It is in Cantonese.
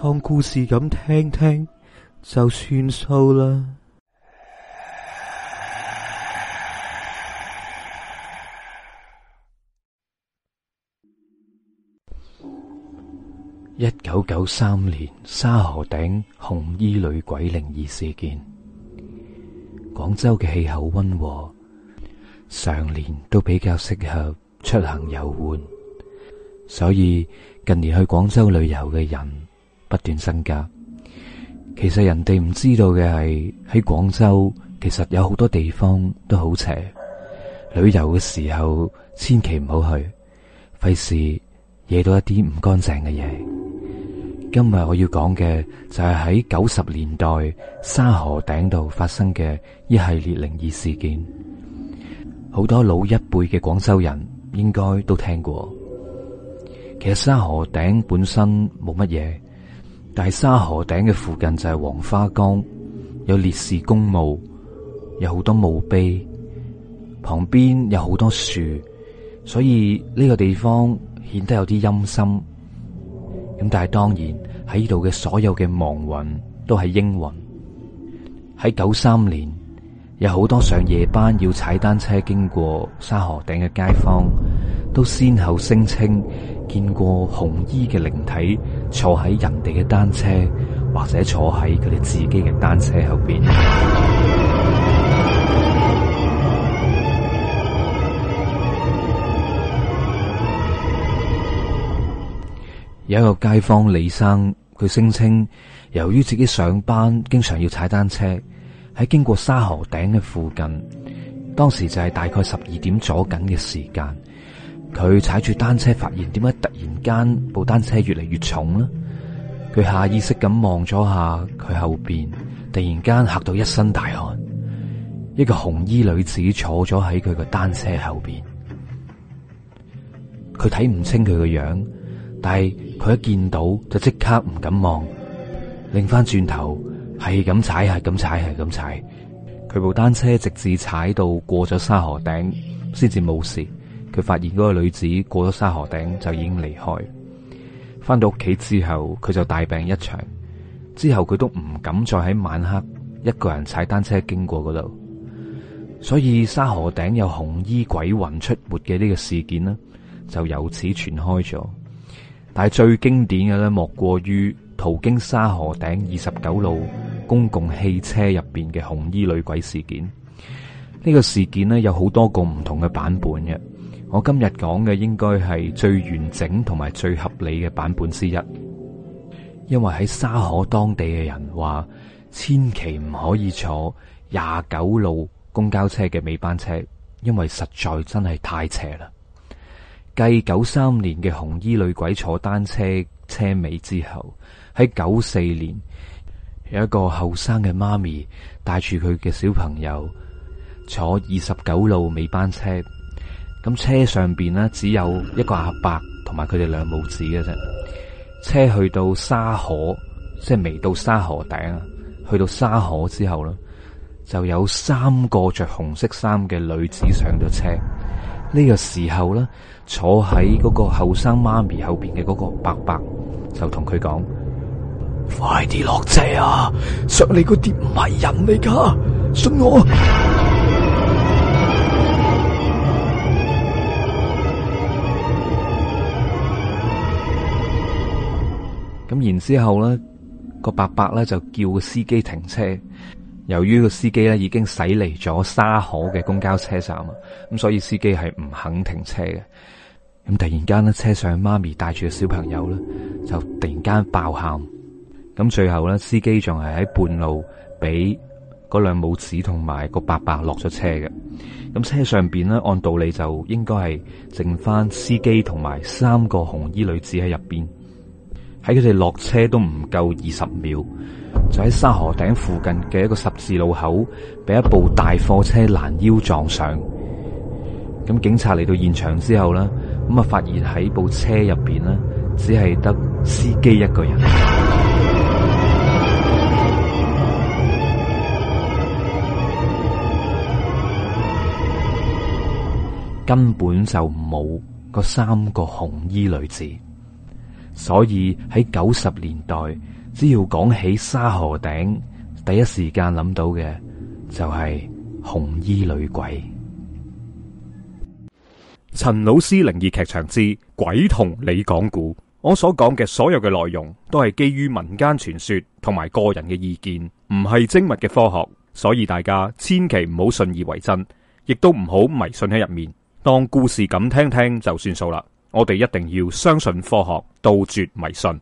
當故事咁聽聽就算數啦。一九九三年沙河頂紅衣女鬼靈異事件，廣州嘅氣候温和，常年都比較適合出行遊玩，所以近年去廣州旅遊嘅人。不斷增加，其實人哋唔知道嘅係喺廣州，其實有好多地方都好邪。旅遊嘅時候，千祈唔好去，費事惹，惹，惹到一啲唔乾淨嘅嘢。今日我要講嘅就係喺九十年代沙河頂度發生嘅一系列靈異事件，好多老一輩嘅廣州人應該都聽過。其實沙河頂本身冇乜嘢。但係沙河頂嘅附近就係黃花崗，有烈士公墓，有好多墓碑，旁邊有好多樹，所以呢個地方顯得有啲陰森。咁但係當然喺呢度嘅所有嘅亡魂都係英魂。喺九三年，有好多上夜班要踩單車經過沙河頂嘅街坊。都先後聲稱見過紅衣嘅靈體坐喺人哋嘅單車，或者坐喺佢哋自己嘅單車後邊。 有一個街坊李生，佢聲稱，由於自己上班經常要踩單車，喺經過沙河頂嘅附近，當時就係大概十二點左近嘅時間。佢踩住單車，發現點解突然間部單車越嚟越重呢？佢下意識咁望咗下佢後邊，突然間吓到一身大汗。一個紅衣女子坐咗喺佢個單車後邊，佢睇唔清佢個樣，但係佢一見到就即刻唔敢望，擰翻轉頭係咁踩，係咁踩，係咁踩。佢部單車直至踩到過咗沙河頂，先至冇事。佢發現嗰個女子過咗沙河頂就已經離開。翻到屋企之後，佢就大病一場。之後佢都唔敢再喺晚黑一個人踩單車經過嗰度。所以沙河頂有紅衣鬼魂出沒嘅呢個事件呢，就由此傳開咗。但係最經典嘅咧，莫過於途經沙河頂二十九路公共汽車入邊嘅紅衣女鬼事件。呢個事件呢，有好多個唔同嘅版本嘅。我今日講嘅應該係最完整同埋最合理嘅版本之一，因為喺沙河當地嘅人話，千祈唔可以坐廿九路公交車嘅尾班車，因為實在真係太邪啦。繼九三年嘅紅衣女鬼坐單車車尾之後，喺九四年有一個後生嘅媽咪帶住佢嘅小朋友坐二十九路尾班車。咁車上邊咧，只有一個阿伯同埋佢哋兩母子嘅啫。車去到沙河，即係未到沙河頂啊。去到沙河之後啦，就有三個着紅色衫嘅女子上咗車。呢、這個時候咧，坐喺嗰個媽媽後生媽咪後邊嘅嗰個伯伯就同佢講：快啲落車啊！上嚟嗰啲唔係人嚟噶，信我。咁然之後咧，個伯伯咧就叫個司機停車。由於個司機咧已經駛嚟咗沙河嘅公交車站啊，咁所以司機係唔肯停車嘅。咁突然間咧，車上媽咪帶住個小朋友咧就突然間爆喊。咁最後咧，司機仲係喺半路俾嗰兩母子同埋個伯伯落咗車嘅。咁車上邊咧，按道理就應該係剩翻司機同埋三個紅衣女子喺入邊。喺佢哋落車都唔夠二十秒，就喺沙河頂附近嘅一個十字路口，俾一部大貨車攔腰撞上。咁警察嚟到現場之後呢，咁啊發現喺部車入邊呢，只係得司機一個人，根本就冇個三個紅衣女子。所以喺九十年代，只要講起沙河頂，第一時間諗到嘅就係紅衣女鬼。陳老師靈異劇場之「鬼同你講古」，我所講嘅所有嘅內容都係基於民間傳說同埋個人嘅意見，唔係精密嘅科學，所以大家千祈唔好信以為真，亦都唔好迷信喺入面，當故事咁聽聽就算數啦。我哋一定要相信科學，杜絕迷信。